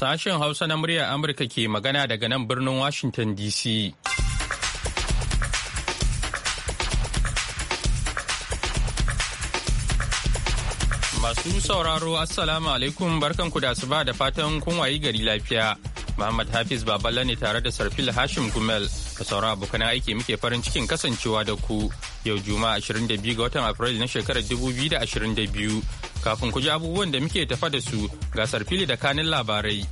Sashen Hausa na muryar Amurka ke magana daga nan birnin Washington DC. Masu sauraro Assalamu alaikum barkan barkanku da ba da fatan kun wayi gari lafiya. Muhammad Hafiz Baballa ne tare da Sarfil Hashim Gumel da sauran abokan aiki muke farin cikin kasancewa da ku yau Juma'a 22 ga watan Afrilu na shekarar 2022 Kafin ku ji abubuwan da muke tafa da su gasar fili da kanin labarai.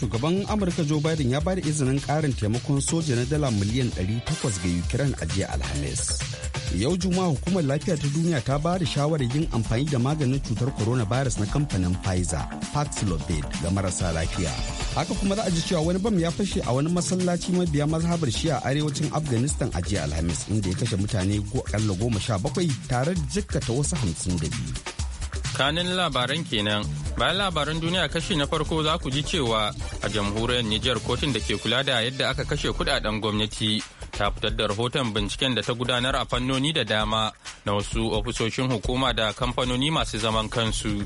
Shugaban Amurka Joe Biden ya bada izinin karin taimakon soja na dala miliyan 800 ga Ukraine a jiya Alhamis. Yau Juma'a hukumar lafiya ta duniya ta ba da shawarar yin amfani da maganin cutar corona virus na kamfanin Pfizer, Paxlovid ga marasa lafiya. haka kuma za a ji cewa wani bam ya fashe a wani masallaci mabiya mazhabar a arewacin afghanistan a jiya alhamis inda ya kashe mutane ko akalla goma sha bakwai tare da jikkata wasu hamsin da biyu kanin labaran kenan bayan labaran duniya kashi na farko za ku ji cewa a jamhuriyar Nijar kotun da ke kula da yadda aka kashe kudaden gwamnati ta fitar da rahoton binciken da ta gudanar a fannoni da dama na wasu ofisoshin hukuma da kamfanoni masu zaman kansu.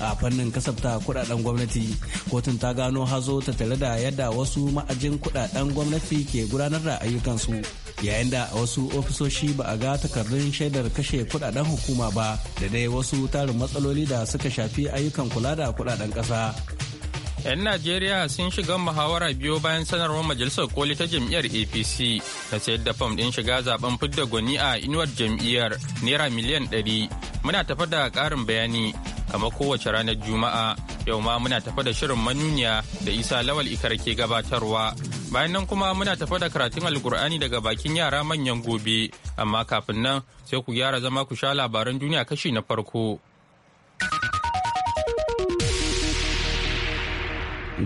a fannin kasafta kudaden gwamnati kotun ta gano hazo ta tare da yadda wasu ma'ajin kudaden gwamnati ke gudanar da ayyukansu. yayin da a wasu ofisoshi ba a ga takardun shaidar kashe kudaden hukuma ba da dai wasu tarin matsaloli da suka shafi ayyukan kula da kudaden ƙasa. 'Yan Najeriya sun shiga muhawara biyu bayan sanarwar majalisar koli ta jam'iyyar APC ta sayar da fam ɗin shiga zaben fidda gwani a inuwar jam'iyyar naira miliyan ɗari Muna tafa da ƙarin bayani kamar kowace ranar Juma'a yau ma muna tafa da shirin manuniya da Isa Lawal Ikar ke gabatarwa Bayan nan kuma muna tafa da karatun Alkur'ani daga bakin yara manyan gobe, amma kafin nan sai ku gyara zama ku sha labaran duniya kashi na farko.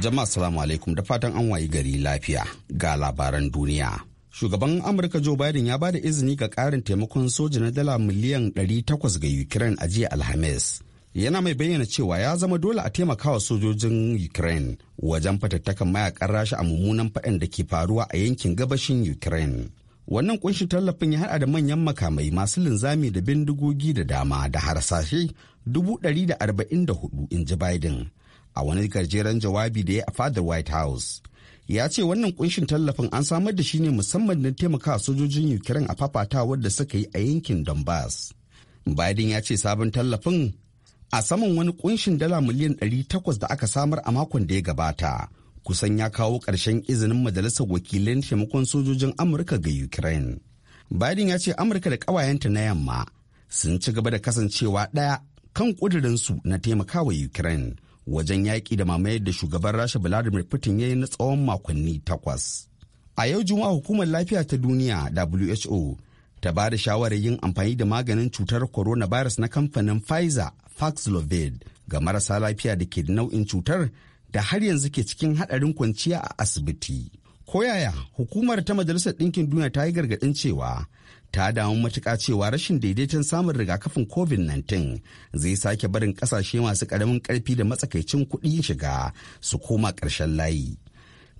Jama'a salamu alaikum da fatan an wayi gari lafiya ga labaran duniya. shugaban amurka joe biden ya ba da izini ga karin taimakon soja na dala miliyan 800 ga ukraine a jiya alhamis yana mai bayyana cewa ya zama dole a taimakawa sojojin ukraine wajen fatattakan mayakan rasha a mummunan faɗin da ke faruwa a yankin gabashin ukraine wannan kunshin tallafin ya haɗa da manyan makamai masu linzami da bindigogi da dama da harsashe 144 in ji biden a wani gajeren jawabi da ya a fadar white house ya ce wannan kunshin tallafin an samar da shi ne musamman don taimakawa sojojin ukraine a fafatawar da suka yi a yankin donbass biden ya ce sabon tallafin a saman wani kunshin dala miliyan 800 da aka samar a makon da ya gabata kusan ya kawo ƙarshen izinin majalisar wakilin taimakon sojojin amurka ga ukraine biden ya ce amurka da ƙawayenta na yamma sun ci gaba da kasancewa ɗaya kan ƙudurinsu na taimakawa ukraine wajen yaƙi da mamayar da shugaban rasha vladimir putin ya yi na tsawon makonni takwas a yau juma'a hukumar lafiya ta duniya who ta ba da shawarar yin amfani da maganin cutar coronavirus na kamfanin pfizer paxlovid ga marasa lafiya da ke da nau'in cutar da har yanzu ke cikin haɗarin kwanciya a asibiti. Koyaya hukumar ta Majalisar Ɗinkin Duniya ta yi gargaɗin cewa ta damu matuƙa cewa rashin daidaiton samun rigakafin COVID-19 zai sake barin ƙasashe masu ƙaramin ƙarfi da matsakaicin kuɗi shiga su koma ƙarshen layi.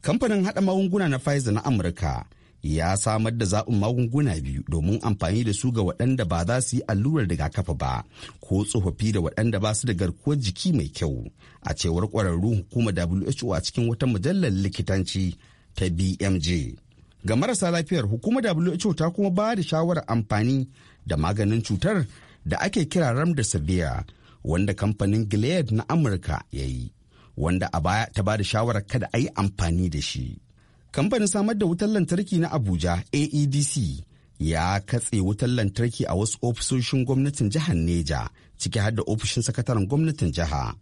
Kamfanin haɗa magunguna na Pfizer na Amurka ya samar da zaɓin magunguna biyu domin amfani da su ga waɗanda ba za su yi allurar rigakafi ba ko tsofaffi da waɗanda ba su da garkuwar jiki mai kyau a cewar ƙwararru hukumar who a cikin wata mujallar likitanci ta bmj ga marasa lafiyar hukumar who ta kuma ba da shawarar amfani da maganin cutar da ake kira remdesivir wanda kamfanin gilead na amurka ya yi wanda a baya ta ba da shawarar kada a yi amfani da shi kamfanin samar da wutar lantarki na abuja aedc ya katse wutar lantarki a wasu ofisoshin gwamnatin jihar neja ciki har da ofishin sakataren gwamnatin jiha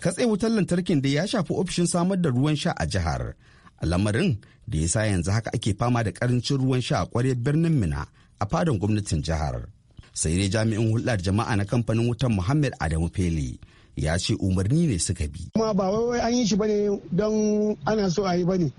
katse wutar lantarkin da ya shafi ofishin samar da ruwan sha a jihar lamarin da ya sa yanzu haka ake fama da karancin ruwan sha a kwaryar birnin mina a fadon gwamnatin jihar sai dai jami'in hulɗar jama'a na kamfanin wutar muhammad adamu fele ya ce umarni ne suka bi. Kuma ba wai an yi shi bane don ana so a yi bane.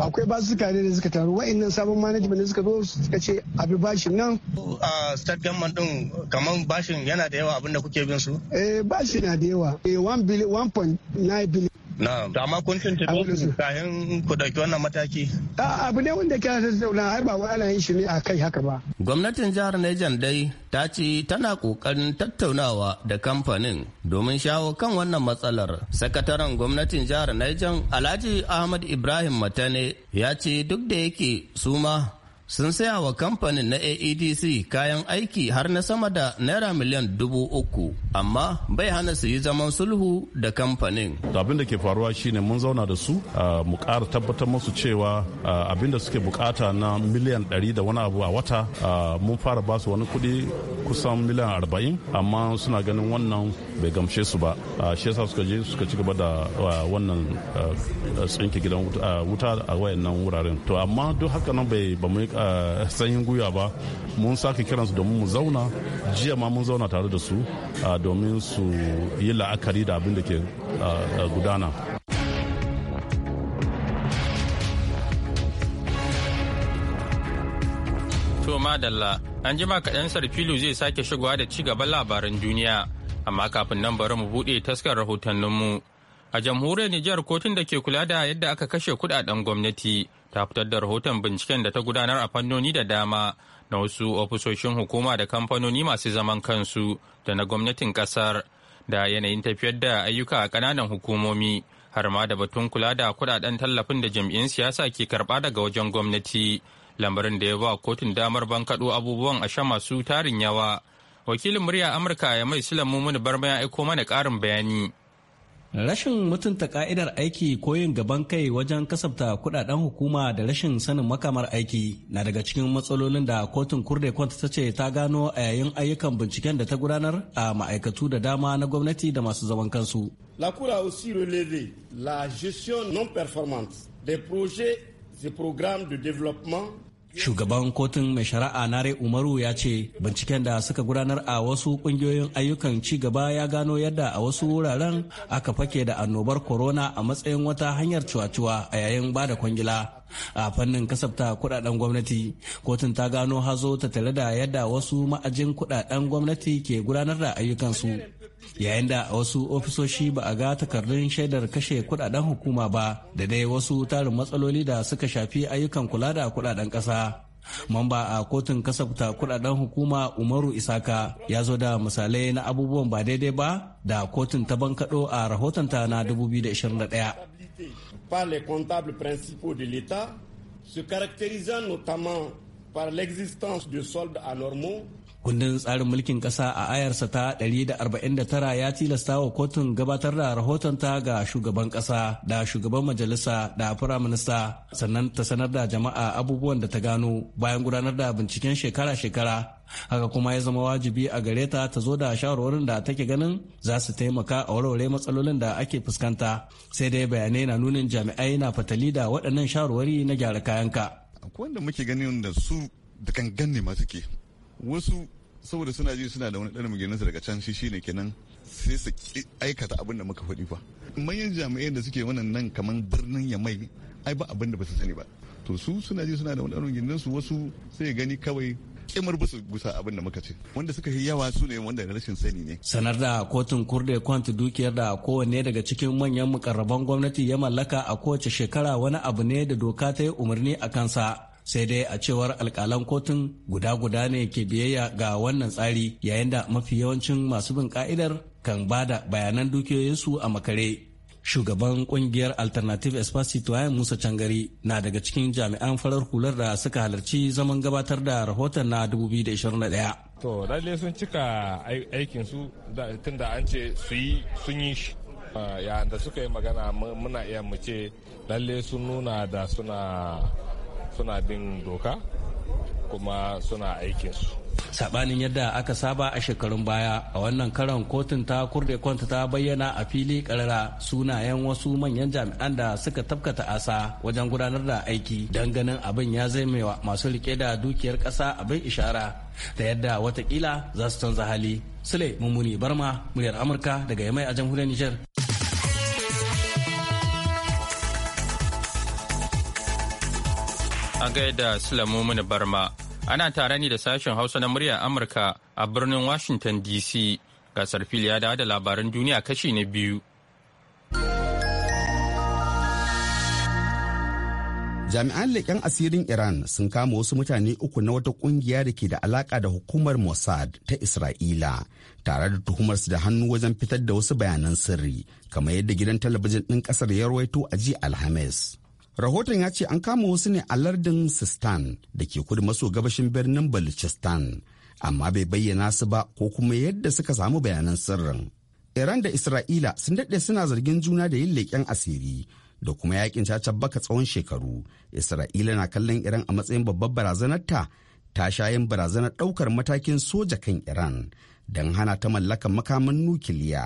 akwai su kare da suka taru wa'annan sabon management da suka zo suka ce abi bashin nan a state government din kaman bashin yana da yawa abinda kuke bin su eh bashi na da yawa 1.9 eh, billion Na'am. Amma kun tuntube kayan ku dauki wannan mataki? Abu ne wanda ke tattauna ai ba wani yin shi ne a kai haka ba. Gwamnatin jihar Niger dai ta ce tana kokarin tattaunawa da kamfanin domin shawo kan wannan matsalar. Sakataren gwamnatin jihar Niger Alhaji Ahmad Ibrahim Matane ya ce duk da yake su ma sun saya wa kamfanin na aedc kayan aiki har na sama da naira miliyan dubu uku amma bai hana su yi zaman sulhu da kamfanin abin da ke faruwa shine mun zauna da su mu ƙara tabbatar musu cewa abin da suke bukata na miliyan ɗari da wani abu a wata mun fara basu wani kuɗi kusan miliyan arba'in amma suna ganin wannan bai gamshe su ba shi yasa suka je suka ci gaba da wannan tsinke gidan wuta a wayannan wuraren to amma duk haka nan bai ba mu yi Eh, sanyin gwiwa ba mun sake kiransu domin mu zauna jiya ma mun zauna tare da su eh, domin su yi la'akari da abin da ke eh, gudana To madalla an jima kaɗan sarfilu zai sake shigowa da ci gaban labaran duniya amma kafin nan bari mu buɗe taskar rahotanninmu. A jamhuriyar Nijar kotun da ke kula da yadda aka kashe kudaden gwamnati ta fitar da rahoton binciken da ta gudanar a fannoni da dama na wasu ofisoshin hukuma da kamfanoni masu zaman kansu da na gwamnatin kasar da yanayin tafiyar da ayyuka a kananan hukumomi har ma da batun kula da kudaden tallafin da jam'iyyun siyasa ke karba daga wajen gwamnati lamarin da ya ba kotun damar bankaɗo abubuwan a sha masu tarin yawa wakilin murya amurka ya mai silan mumuni barma ya aiko mana ƙarin bayani Rashin mutunta ka'idar aiki ko yin gaban kai wajen kasafta kudaden hukuma da rashin sanin makamar aiki na daga cikin matsalolin da kotun kurde kwanta ta ce ta gano a yayin ayyukan binciken da ta gudanar a ma'aikatu da dama na gwamnati da masu zaman kansu. La Cour aussi relevé la gestion non performante des projets et programmes de développement Shugaban kotun mai shari'a Nare Umaru ya ce binciken da suka gudanar a wasu kungiyoyin ayyukan ci gaba ya gano yadda a wasu wuraren aka fake da annobar corona a matsayin wata hanyar cuwa-cuwa a yayin ba da kwangila. a fannin kasafta kudaden gwamnati kotun ta gano hazo ta tare da yadda wasu ma'ajin kudaden gwamnati ke gudanar da ayyukansu yayin da wasu ofisoshi ba a ga takardun shaidar kashe kudaden hukuma ba da dai wasu tarin matsaloli da suka shafi ayyukan kula da kudaden kasa Mamba a kotun kasafta kudaden hukuma Umaru Isaka ya zo da misalai na abubuwan ba daidai ba da kotun ta bankaɗo a rahotonta na 2021. Par les de l'État, se caractérisant notamment par l'existence de soldes anormaux Kundin tsarin mulkin kasa a ayarsa ta 149 ya tilasta wa kotun gabatar da rahotonta ga shugaban ƙasa da shugaban majalisa da firaminista sannan ta sanar da jama'a abubuwan da ta gano bayan gudanar da binciken shekara-shekara haka kuma ya zama wajibi a gare ta ta zo da shawarwarin da take ganin za su taimaka a warware matsalolin da ake fuskanta sai dai bayanai na nunin jami'ai na fatali da waɗannan shawarwari na gyara kayanka akwai wanda muke ganin da su da gangan ne ma suke wasu saboda suna ji suna da wani ɗan magininsa daga can shi shine kenan sai su aikata abin da muka faɗi fa manyan jami'ai da suke wannan nan kamar birnin ya mai ai ba abin da ba su sani ba to su suna ji suna da wani ɗan magininsu wasu sai gani kawai kimar ba su gusa abin da muka ce wanda suka yi yawa su ne wanda rashin sani ne sanar da kotun kurde kwant dukiyar da kowanne daga cikin manyan mukarraban gwamnati ya mallaka a kowace shekara wani abu ne da doka ta yi umarni a kansa sai dai a cewar alkalan kotun guda-guda ne ke biyayya ga wannan tsari yayin da mafi yawancin masu bin ka'idar kan ba da bayanan dukiyoyinsu a makare shugaban kungiyar alternative espacito musa cangari na daga cikin jami'an farar hular da suka halarci zaman gabatar da rahoton na 2021 to lalle sun cika aikin su tun da an ce su yi sun yi shi yayin da suka yi magana muna iya mu ce lalle sun nuna da suna suna bin doka kuma suna aikinsu sabanin yadda aka saba a shekarun baya a wannan karan kotun ta kurde kwanta ta bayyana a fili karara sunayen wasu manyan jami'an da suka tafkata asa wajen gudanar da aiki don ganin abin ya zaimewa masu rike da dukiyar kasa abin ishara da yadda watakila za su canza hali sule mummuni barma muryar amurka daga yamai a jamhuriyar nijar. A gaida Sulamu Mini Barma, ana tare ne da sashen Hausa na muryar Amurka a birnin Washington DC. Gasar fili ya da labaran duniya kashi na biyu. Jami'an leƙen asirin Iran sun kama wasu mutane uku na wata ƙungiya da ke da alaƙa da hukumar Mossad ta Isra'ila tare da tuhumar su da hannu wajen fitar da wasu bayanan sirri kamar yadda gidan talabijin ɗin ƙasar ya rawaito a jiya Alhamis. Rahoton ya ce an kama wasu ne a lardin Sistan da ke kudu maso gabashin birnin Balochistan, amma bai bayyana su ba ko kuma yadda suka samu bayanan sirrin. Iran da Isra'ila sun daɗe suna zargin juna da yin leƙen asiri da kuma yakin cacar baka tsawon shekaru. Isra'ila na kallon Iran a matsayin babbar barazanarta ta shayin barazanar ɗaukar matakin soja kan Iran don hana ta mallakan makaman nukiliya.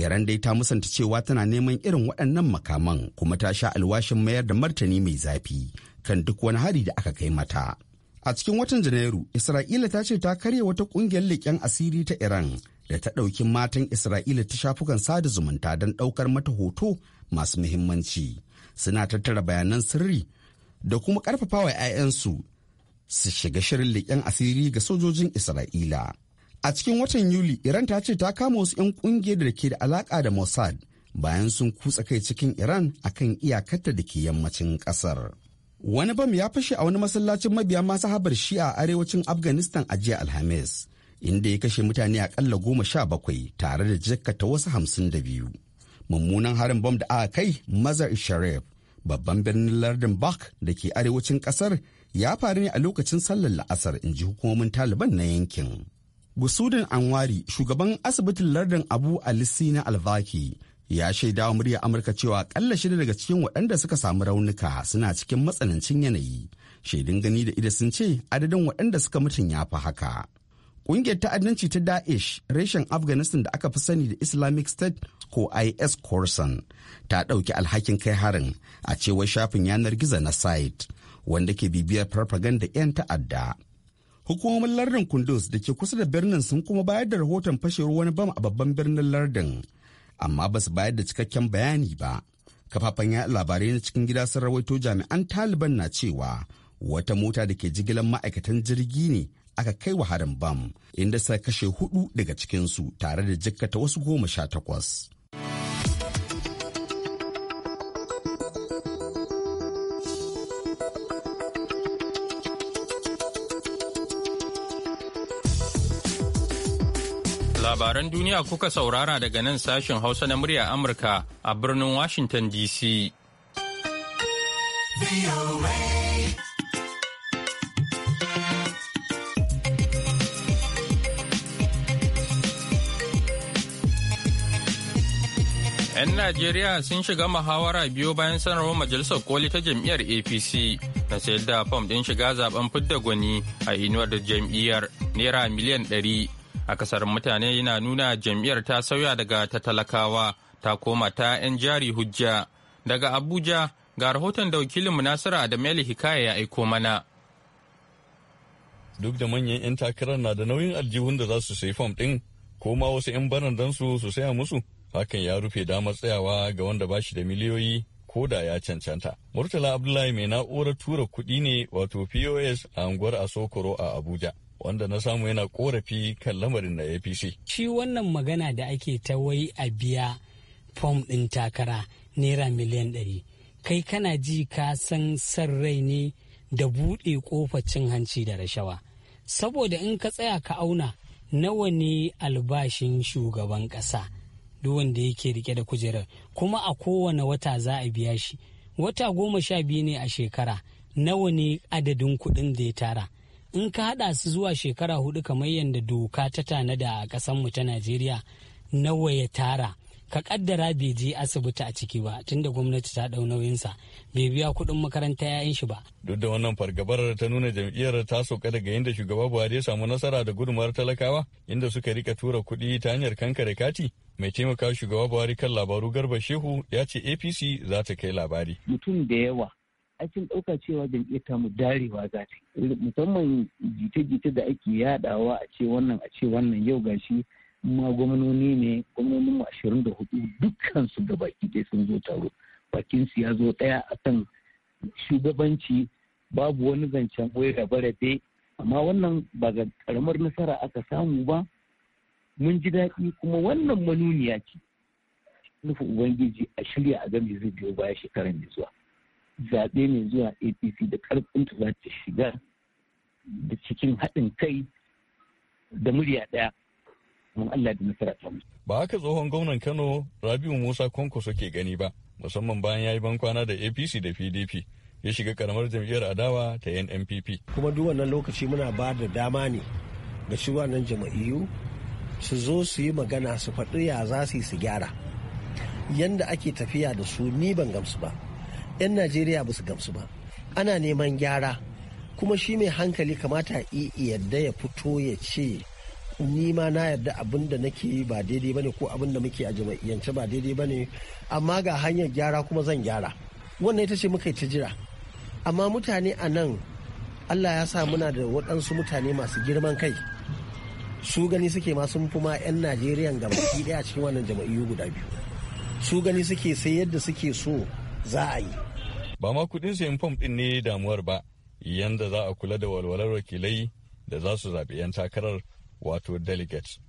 Iran dai ta musanta cewa tana neman irin waɗannan makaman kuma ta sha alwashin mayar da martani mai zafi kan duk wani hari da aka kai mata. A cikin watan Janairu, Isra'ila ta ce ta karya wata ƙungiyar leƙen asiri ta Iran da ta ɗauki matan Isra'ila ta shafukan sada zumunta don ɗaukar mata hoto masu muhimmanci. Suna tattara bayanan sirri da kuma ƙarfafawa 'ya'yansu su shiga shirin leƙen asiri ga sojojin Isra'ila. A cikin watan Yuli, Iran ta ce ta kama wasu 'yan kungiyar da ke da alaka da Mossad bayan sun kutsa kai cikin Iran akan iyakarta da ke yammacin kasar. Wani bam ya fashe a wani masallacin mabiya masu habar shi'a a arewacin Afghanistan a jiya Alhamis, inda ya kashe mutane akalla goma sha bakwai tare da jakkata wasu hamsin da biyu. Mummunan harin bam da aka kai Mazar Sharif, babban birnin lardin Bak da ke arewacin kasar ya faru ne a lokacin sallar la'asar in ji hukumomin Taliban na yankin. Gusudin Anwari, shugaban asibitin lardin Abu Alisi na Alvaki, ya shaida wa murya Amurka cewa kalla shida daga cikin waɗanda suka samu raunuka suna cikin matsanancin yanayi. Shaidun gani da ida sun ce adadin waɗanda suka mutun ya fi haka. Ƙungiyar ta'addanci ta Daesh, reshen Afghanistan da aka fi sani da Islamic State ko IS Corson, ta ɗauki alhakin kai harin a cewar shafin yanar gizo na site wanda ke bibiyar farfaganda 'yan ta'adda. hukumomin lardin kundus da ke kusa da birnin sun kuma bayar da rahoton fashewar wani bam a babban birnin lardin amma ba su bayar da cikakken bayani ba kafafen ya labarai na cikin gida sun rawaito jami'an taliban na cewa wata mota da ke jigilar ma'aikatan jirgi ne aka kai wa harin bam inda suka kashe hudu daga cikinsu tare da jikkata wasu goma sha takwas Labaran duniya kuka saurara daga nan sashen Hausa na murya Amurka a birnin Washington DC. ‘Yan Najeriya sun shiga muhawara biyu bayan sanarwar Majalisar Koli ta jam'iyyar APC na sayar da fam ɗin shiga zaben fidda gwani a inuwar da jam'iyyar Naira miliyan ɗari. akasarin mutane yana nuna jam'iyyar ta sauya daga ta talakawa ta koma ta 'yan jari hujja daga abuja ga rahoton da wakilinmu da adamali hikaya ya aiko mana duk da manyan 'yan takarar na da nauyin aljihun da za su sayi fam ɗin ko wasu 'yan barandansu su saya musu hakan ya rufe damar tsayawa ga wanda ba shi da miliyoyi ko da ya cancanta. Murtala Abdullahi mai na'urar tura kuɗi ne wato POS a unguwar Asokoro a Abuja. wanda na samu yana korafi kan lamarin na apc shi wannan magana da ake ta wai a biya fom ɗin takara naira miliyan ɗari kai kana ji ka san san rai ne da buɗe ƙofar cin hanci da rashawa saboda in ka tsaya ka auna nawa ne albashin shugaban ƙasa duk wanda yake rike da kujerar kuma a kowane wata za a biya shi wata goma sha biyu ne a shekara nawa ne adadin kuɗin da ya tara in ka haɗa su zuwa shekara hudu kamar yadda doka ta tanada a ƙasanmu ta najeriya nawa ya tara ka kaddara bai je asibiti a ciki ba tunda gwamnati ta dau nauyinsa bai biya kuɗin makaranta yayin shi ba. Duk da wannan fargabar ta nuna jam'iyyar ta soka daga inda shugaba Buhari ya samu nasara da gudumar talakawa inda suka rika tura kuɗi ta hanyar kankare kati mai taimaka shugaba Buhari kan labaru Garba Shehu ya ce APC za ta kai labari. Mutum da yawa Akin ɗauka cewa jam'iyyar tamu darewa za ta musamman jita-jita da ake yadawa a ce wannan a ce wannan yau gashi ma gwamnoni ne gwamnonin mu ashirin da hudu dukkan su ga baki ɗaya sun zo taro bakin su ya zo ɗaya a kan shugabanci babu wani zancen wai rabe-rabe amma wannan ba ga karamar nasara aka samu ba mun ji daɗi kuma wannan manuniya ce nufin ubangiji a shirya a gami zai biyo baya shekaran mai zuwa zaɓe mai zuwa apc da ƙarfinta za ta shiga da cikin haɗin kai da murya ɗaya mun Allah da nasara ta Ba haka tsohon gwamnan Kano Rabiu Musa Kwanko ke gani ba, musamman bayan ya yi bankwana da APC da PDP. ya shiga karamar jam'iyyar adawa ta NNPP. Kuma duk wannan lokaci muna ba da dama ne ga shi wannan jama'iyyu su zo su yi magana su faɗi ya za su yi su gyara. Yanda ake tafiya da su ni ban gamsu ba. 'yan najeriya ba su gamsu ba ana neman gyara kuma shi mai hankali kamata yadda ya fito ya ce ni ma na yarda abin da nake ba daidai bane ko abin da muke a jama'iyyance ba daidai bane amma ga hanyar gyara kuma zan gyara wannan ita ce muka yi ta jira amma mutane a nan allah ya sa muna da waɗansu mutane masu girman kai su gani suke ma sun fi ma 'yan najeriya gabaki ɗaya cikin wannan jama'iyyu guda biyu su gani suke sai yadda suke so za a yi ba ma kuɗin sayan fom din ne damuwar ba yanda za a kula da walwalar wakilai da za su zaɓi 'yan takarar wato delegates.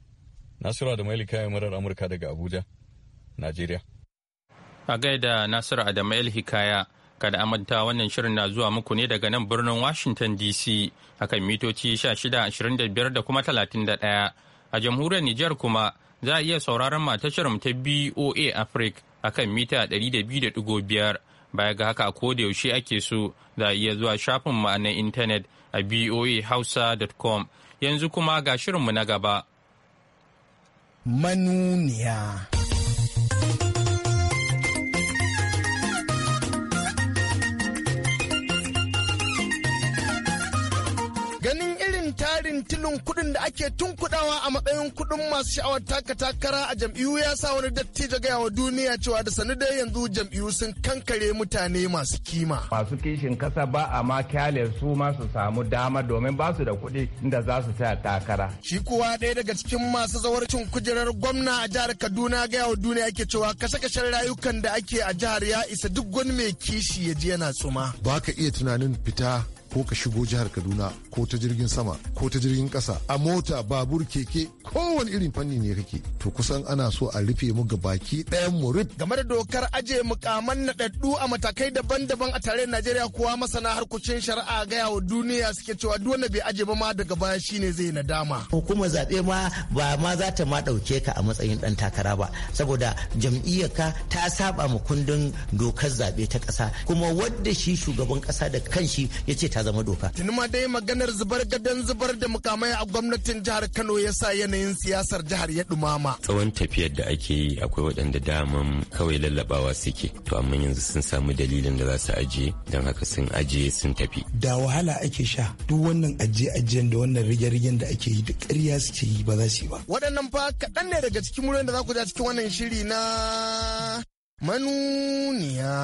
Nasiru da Maili kayan murar Amurka daga Abuja, Najeriya. A gaida Nasiru Adamu Hikaya, kada amanta wannan shirin na zuwa muku ne daga nan birnin Washington DC akan mitoci 1625 da kuma 31. A jamhuriyar niger kuma za a iya sauraron shirin ta BOA Africa akan mita 200.5 baya ga haka ko da yaushe ake so za a iya zuwa shafin mu na intanet a boahausa.com yanzu kuma ga shirinmu na gaba manuniya tilin kuɗin da ake tunkuɗawa a matsayin kuɗin masu sha'awar taka takara a jam'iyyu ya sa wani datti dattijo gaya wa duniya cewa da sanu da yanzu jam'iyyu sun kankare mutane masu kima. Masu kishin kasa ba a ma kyale su ma su samu dama domin ba su da kuɗi da za su taya takara. Shi kuwa ɗaya daga cikin masu zawarcin kujerar gwamna a jihar Kaduna gaya wa duniya ake cewa kashe-kashen rayukan da ake a jihar ya isa duk wani mai kishi ya ji yana tsuma. Ba ka iya tunanin fita ko ka shigo jihar kaduna ko ta jirgin sama ko ta jirgin ƙasa a mota babur keke kowane irin fanni ne kake to kusan ana so a rufe mu ga baki ɗayan mu rip game da dokar aje mukaman naɗaɗɗu a matakai daban-daban a tare najeriya kuwa masana harkokin shari'a gaya wa duniya suke cewa duk wanda bai aje ba ma daga baya shine zai nadama hukumar zaɓe ma ba ma za ta ma ɗauke ka a matsayin ɗan takara ba saboda jam'iyyarka ta saba mu kundin dokar zaɓe ta ƙasa kuma wadda shi shugaban ƙasa da kanshi ya ce ta zama doka. Tuni ma dai maganar zubar gadon zubar da mukamai a gwamnatin jihar Kano ya sa yanayin siyasar jihar ya dumama. Tsawon tafiyar da ake yi akwai waɗanda daman kawai lallabawa suke to amma yanzu sun samu dalilin da za su ajiye don haka sun ajiye sun tafi. Da wahala ake sha duk wannan ajiye ajiyen da wannan rige-rigen da ake yi da ƙarya suke yi ba za su yi ba. Waɗannan fa kaɗan ne daga cikin muryoyin da za ku ja cikin wannan shiri na manuniya.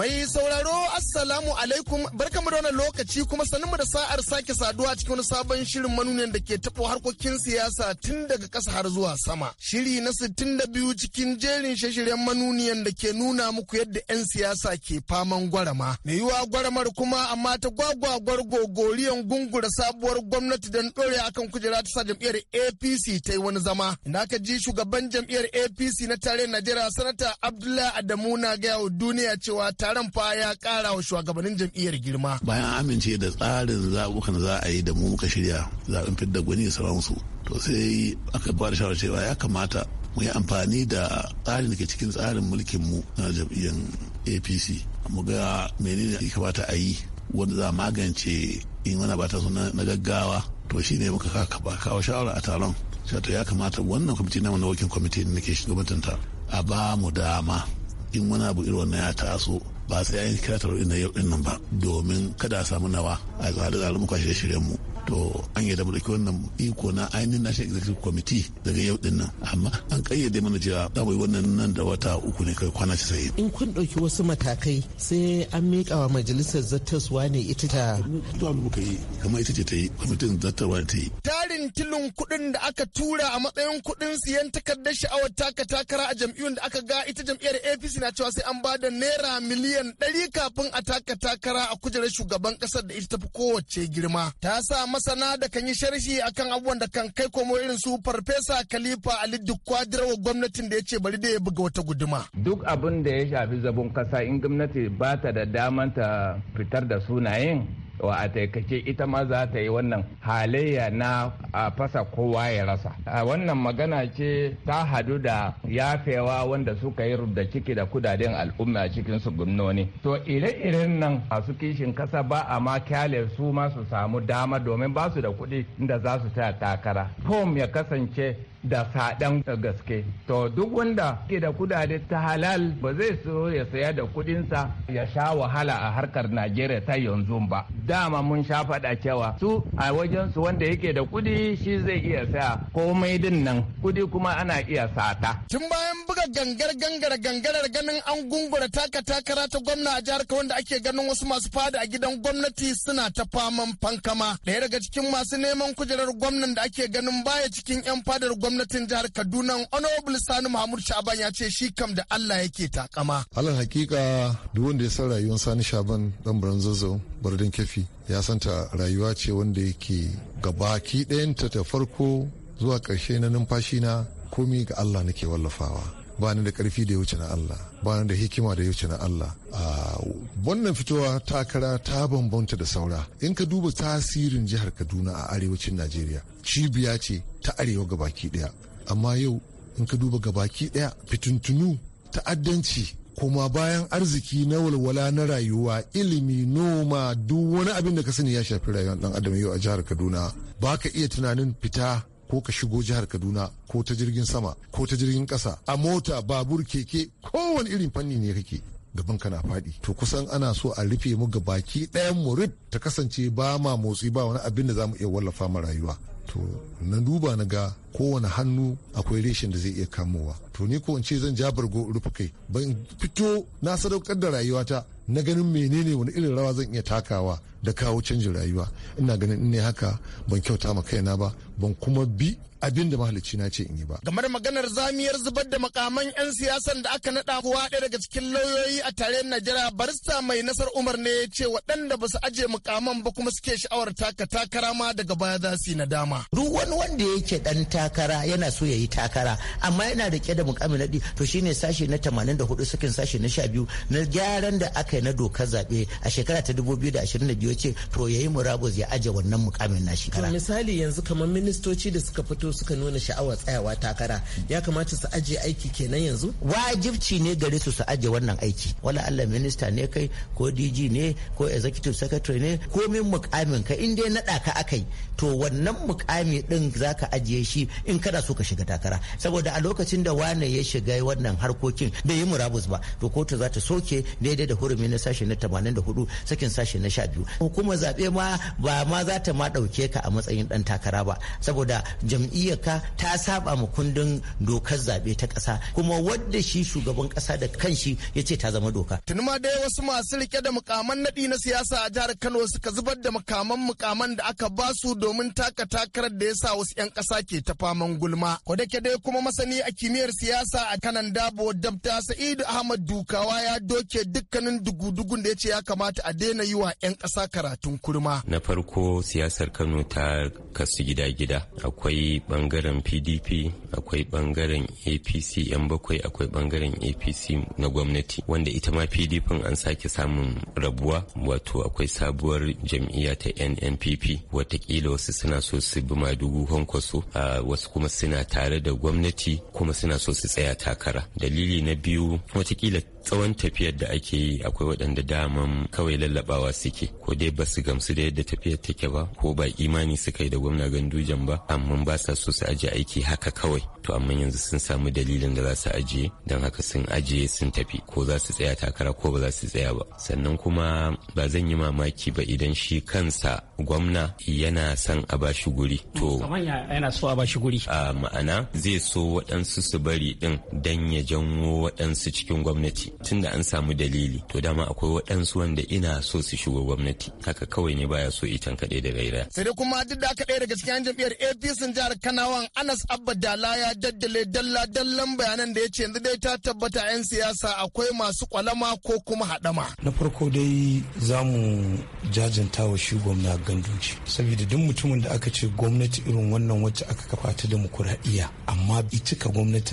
Mai sauraro Assalamu alaikum barkamu da wannan lokaci kuma sanin da sa'ar sake saduwa cikin wani sabon shirin manuniyan da ke tabo harkokin siyasa tun daga ƙasa har zuwa sama. Shiri na sittin da biyu cikin jerin shashiren manuniyan da ke nuna muku yadda 'yan siyasa ke faman gwarama. Mai yiwuwa gwaramar kuma amma ta gwagwagwar gogoriyan gungura sabuwar gwamnati don ɗore akan kujera ta sa jam'iyyar APC ta yi wani zama. Inda ka ji shugaban jam'iyyar APC na tarayyar Najeriya sanata Abdullahi Adamu na gaya wa duniya cewa taron fa ya ƙara wa shugabannin jam'iyyar girma. Bayan amince da tsarin zaɓukan za a yi da mu muka shirya zaɓen fidda gwani da sauransu. To sai aka ba da shawarar cewa ya kamata mu yi amfani da tsarin da ke cikin tsarin mulkin mu na jam'iyyar APC. Mu ga menene ya kamata a yi wanda za a magance in wani ba ta na gaggawa to shi ne muka kawo shawara a taron. Shato ya kamata wannan kwamiti na wani kwamiti da nake shi gabatanta a ba mu dama in wani abu irin wannan ya taso ba sai an kira taro ɗin nan ba domin kada a samu nawa a ga da mu kwashe shiryen mu to an yi mu dauki wannan iko na ainihin national executive committee daga yau din nan amma an kayyade mana cewa za mu yi wannan nan da wata uku ne kai kwana sai in kun dauki wasu matakai sai an miƙa wa majalisar zattaswa ne ita ta to mu muka yi kamar ita ce ta yi kwamitin zattarwa ta yi tarin tilin kuɗin da aka tura a matsayin kuɗin siyan takardar sha'awar taka takara a jam'iyyun da aka ga ita jam'iyyar APC na cewa sai an ba da naira miliyan ɗari kafin a taka takara a kujerar shugaban ƙasar da ita tafi kowace girma ta sa masana da kan yi sharhi akan abubuwan da kan kai komo irin su farfesa kalifa Ali duk wa gwamnatin da ya ce bari da ya buga wata guduma. Duk abin da ya shafi zabon kasa in gwamnati ba ta da damanta ta fitar da sunayen wa a taikace ita ma za ta yi wannan halayya na a fasa kowa ya rasa wannan magana ce ta hadu da yafewa wanda suka yi rubda ciki da kudaden al'umma cikin su gumnoni to ire-iren nan masu kishin kasa ba a ma kyale su ma su samu dama domin ba su da kuɗi inda za su taya takara fom ya kasance da sadan gaske to duk wanda ke da kudade ta halal ba zai so ya saya da kudinsa ya sha wahala a harkar najeriya ta yanzu ba dama mun sha faɗa cewa su a wajen su wanda yake da kudi shi zai iya saya komai din nan kudi kuma ana iya sata tun bayan buga gangar gangar gangarar ganin an gungura taka takara ta gwamna a jihar wanda ake ganin wasu masu fada a gidan gwamnati suna ta faman fankama daya daga cikin masu neman kujerar gwamnan da ake ganin baya cikin yan fadar gwamnati gwamnatin jihar Kaduna Honorable Sani Mahmud Shaban ya ce shi kam da Allah yake takama. Alal hakika duk wanda ya san rayuwar Sani Shaban dan buran zazzau bardin kefi ya santa rayuwa ce wanda yake ki ɗayanta ta farko zuwa ƙarshe na numfashi na komi ga Allah nake wallafawa. Bani da karfi da ya wuce na Allah bani da hikima da ya wuce na Allah wannan fitowa takara ta bambanta da saura in ka duba tasirin jihar Kaduna a arewacin Najeriya cibiya ce ta arewa gabaki daya amma yau in ka duba gabaki daya fituntunu ta'addanci kuma bayan arziki na walwala na rayuwa ilimi noma duk wani abin da ka sani ya shafi rayuwar dan adam yau a jihar kaduna baka iya tunanin fita ko ka shigo jihar kaduna ko ta jirgin sama ko ta jirgin ƙasa a mota babur keke kowane irin fanni ne kake gaban kana na faɗi to kusan ana so a rufe mu ga baki ɗayan murid ta kasance ba ma motsi ba wani abin da za mu iya wallafa ma rayuwa to na duba na ga kowane hannu akwai reshen da zai iya kamowa to ni ko in zan jabar bargo rufe kai ban fito na sadaukar da rayuwata na ganin menene wani irin rawa zan iya takawa da kawo canjin rayuwa ina ganin in ne haka ban kyauta ma kaina ba ban kuma bi abin da mahalicci na ce in yi ba. Game da maganar zamiyar zubar da makaman 'yan siyasan da aka naɗa kuwa ɗaya daga cikin lauyoyi a tarayyar Najeriya barista mai nasar Umar ne ya ce waɗanda ba su aje mukaman ba kuma suke sha'awar taka takara ma daga baya za su yi nadama. Duk wani wanda yake ɗan takara yana so ya yi takara amma yana da ke da mukamin naɗi to shine sashi na tamanin da hudu sakin sashi na sha biyu na gyaran da aka yi na dokar zaɓe a shekara ta dubu biyu da ashirin ya ce to yi murabus ya aje wannan mukamin na shekara misali yanzu kamar ministoci da suka fito suka nuna sha'awar tsayawa takara ya kamata su aje aiki kenan yanzu wajibci ne gare su su aje wannan aiki wala Allah minista ne kai ko DG ne ko executive secretary ne ko min mukamin ka in dai naɗa ka akai to wannan mukami din zaka ajiye shi in kada so ka shiga takara saboda a lokacin da wane ya shiga wannan harkokin bai yi murabus ba to kotu za ta soke daidai da hurumi na sashe na 84 sakin sashe na 12 hukumar zaɓe ma ba ma za ta ma ɗauke ka a matsayin ɗan takara ba saboda jam'iyyarka ta saba ma kundin dokar zaɓe ta ƙasa kuma wadda shi shugaban ƙasa da kanshi ya ce ta zama doka. Tuni ma dai wasu masu rike da mukaman naɗi na siyasa a jihar Kano suka zubar da mukaman mukaman da aka ba su domin taka takarar da ya sa wasu 'yan ƙasa ke ta faman gulma. ke dai kuma masani a kimiyyar siyasa a kanan dabo dabta Sa'idu Ahmad Dukawa ya doke dukkanin dugudugun da ya ce ya kamata a daina yi wa 'yan ƙasa karatun kurma. Na farko siyasar Kano ta kasu gida-gida. Akwai bangaren PDP, akwai bangaren APC yan bakwai, akwai bangaren APC na gwamnati. Wanda ita ma PDP an sake samun rabuwa wato akwai sabuwar jam'iyya ta NNPP. Watakila wasu suna so su bi madugu kwankwaso, wasu kuma suna tare da gwamnati kuma suna so su tsaya takara. Dalili na biyu watakila tsawon tafiyar da ake yi akwai waɗanda daman kawai lallabawa suke ko dai ba su gamsu da yadda tafiyar take ba ko ba imani suka yi da gwamna gandujan ba amma ba sa so su ajiye aiki haka kawai to amma yanzu sun samu dalilin da za su ajiye don haka sun ajiye sun tafi ko za su tsaya takara ko ba za su tsaya ba sannan kuma ba zan yi mamaki ba idan shi kansa gwamna yana son a ba shi guri to yana so a ba shi guri a ma'ana zai so waɗansu su bari din dan ya janwo waɗansu cikin gwamnati tunda an samu dalili to dama akwai waɗansu wanda ina so su shigo gwamnati haka kawai ne baya so itan kaɗai da gaira. sai dai kuma duk da aka ɗaya daga cikin jam'iyyar apc jihar kanawan anas abba dala ya daddale dalla dallan bayanan da ya ce yanzu dai ta tabbata 'yan siyasa akwai masu kwalama ko kuma haɗama. na farko dai za mu jajanta wa shi gwamna ganduci. saboda duk mutumin da aka ce gwamnati irin wannan wacce aka kafa ta demokuraɗiyya amma bi cika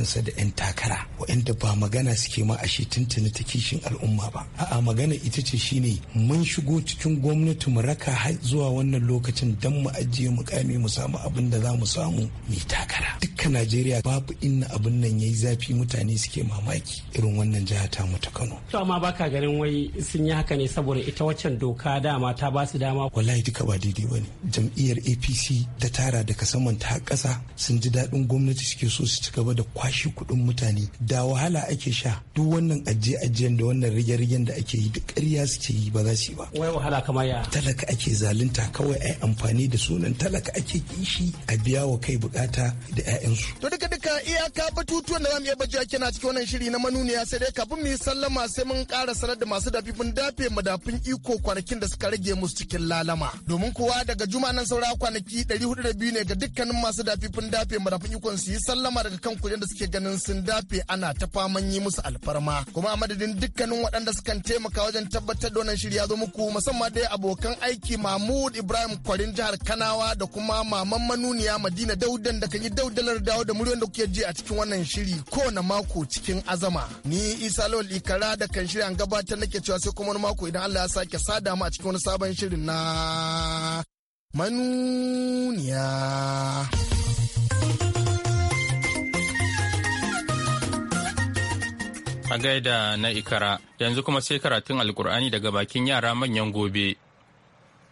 sa da 'yan takara waɗanda ba magana suke ma a shi tuntuni ta kishin al'umma ba a'a magana ita ce shine mun shigo cikin gwamnati mu raka zuwa wannan lokacin don mu ajiye mukami mu samu abin da za mu samu mai takara dukkan najeriya babu inna abin nan yayi zafi mutane suke mamaki irin wannan jiha ta mu kano to amma baka ganin wai sun yi haka ne saboda ita waccan doka dama ta ba su dama wallahi duka ba daidai ba ne. jam'iyyar apc ta tara daga saman ta kasa sun ji daɗin gwamnati suke so su ci gaba da kwashe kuɗin mutane da wahala ake sha duk wannan ajiye ajiyen da wannan rige-rigen da ake yi da ƙarya suke yi ba za su yi ba wai wahala mamaya talaka ake zalunta kawai ai amfani da sunan talaka ake kishi a biya wa kai bukata da 'ya'yansu to duka duka iyaka batutuwan da zamu iya bajiya kina cikin wannan shiri na manuniya sai dai kafin mu yi sallama sai mun ƙara sanar da masu dafifin dafe madafin iko kwanakin da suka rage musu cikin lalama domin kuwa daga juma nan saura kwanaki 402 ne ga dukkanin masu dafifin dafe madafin ikon su yi sallama daga kan kuren da suke ganin sun dafe ana ta faman yi musu alfarma kuma a madadin dukkanin waɗanda sukan taimaka wajen tabbatar da wannan shiri ya zo muku musamman dai abokan aiki Mahmud Ibrahim Kwarin jihar Kanawa da kuma maman manuniya Madina Daudan da kan yi daudalar dawo da muryan da kuke ji a cikin wannan shiri kowane mako cikin azama. Ni Isa Lawal Ikara da kan shirya gabatar nake cewa sai kuma wani mako idan Allah ya sake sada mu a cikin wani sabon shirin na manuniya. A gaida na Ikara, yanzu kuma sai karatun Alkur'ani daga bakin yara manyan gobe.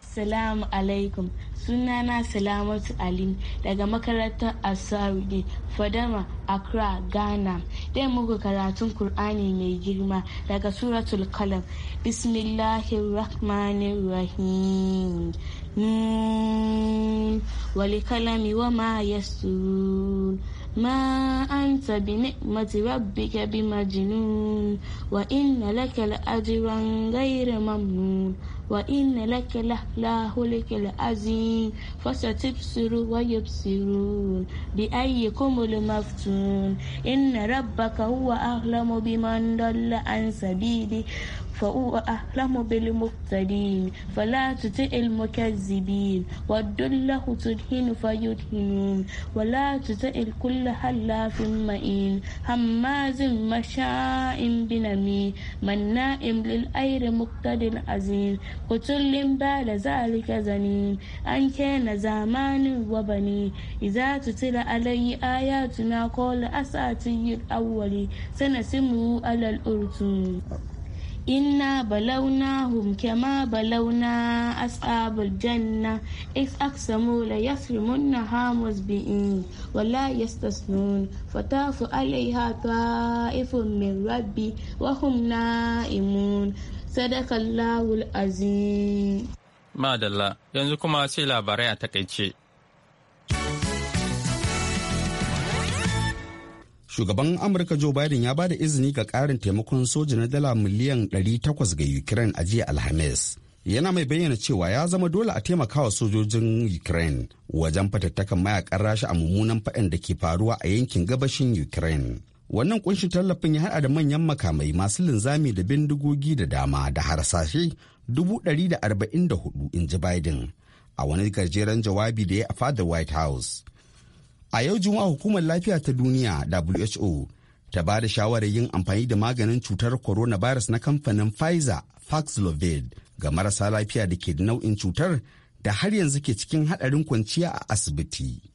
Salamu alaikum, sunana Salamatu Ali daga makarantar Asawide, Fadama, Accra, Ghana. Dai muku karatun Kur'ani mai girma daga Suratul Qalam. Bismillahirrahmanirrahim. Nun, wali kalami wa ma yasun. ma anta bi ni'mati rabbika bi majnun wa inna laka la'ajran ghayra mamnun wa inna laka la hulikil azim fasatibsiru wa yubsirun bi ayyikumul maftun inna rabbaka huwa ahlamu biman dalla an sabili فهو أعلم بالمقتدين فلا تطع المكذبين ودوا له تدهن فيدهنون ولا تطع كل حلاف مئين هماز مشاء بنميم مناء للأير مقتد عزيم kutullin ba da zalika zani an ke na zamanin wabani iza tu tila alayi aya tuna kola asati yi awwali sana simu alal urtu inna balauna hum kama balauna asabul janna is aksamu la yasrimunna hamus bi'in wala yastasnun fatafu alaiha ta'ifun min rabbi wa hum na'imun Sadakallahul azim. Madalla, yanzu kuma sai labarai a takaice. Shugaban Amurka Joe Biden ya bada izini ga ƙarin taimakon soja na dala miliyan 800 ga Ukraine a jiya Alhamis. Yana mai bayyana cewa ya zama dole a taimakawa sojojin Ukraine wajen fatattakan mayakan Rasha a mummunan faɗin da ke faruwa a yankin gabashin Ukraine. wannan kunshin tallafin ya hada da manyan makamai masu linzami da bindigogi da dama da harsashe 144 in ji biden a wani gajeren jawabi da ya a fadar white house a yau juma'a hukumar lafiya ta duniya who ta ba da shawarar yin amfani da maganin cutar coronavirus na kamfanin pfizer paxlovid ga marasa lafiya da ke da nau'in cutar da har yanzu ke cikin hadarin kwanciya a asibiti.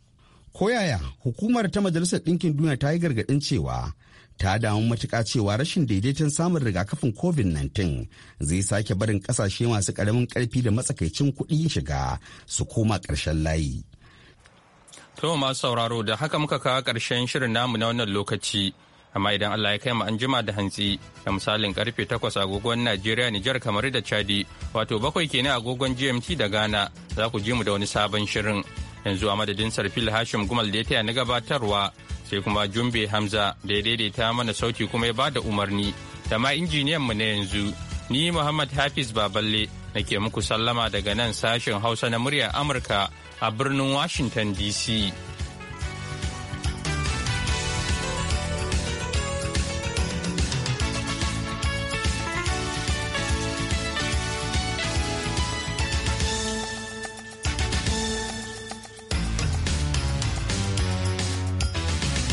Koyaya hukumar ta Majalisar Ɗinkin Duniya ta yi gargaɗin cewa ta damu matuƙa cewa rashin daidaiton samun rigakafin COVID-19 zai sake barin ƙasashe masu ƙaramin ƙarfi da matsakaicin kuɗi shiga su koma ƙarshen layi. To masu sauraro da haka muka kawo ƙarshen shirin namu na wannan lokaci. Amma idan Allah ya kai mu an jima da hantsi da misalin karfe 8 agogon Najeriya Nijar kamar da Chadi wato bakwai kenan agogon GMT da Ghana za ku ji mu da wani sabon shirin. yanzu a madadin sarfil hashim gumal da ya taya na gabatarwa sai kuma jumbe hamza da ya daidaita mana sauti kuma ya bada umarni da ma injiniyan mu na yanzu ni muhammad hafiz baballe ke muku sallama daga nan sashen hausa na muryar amurka a birnin washington dc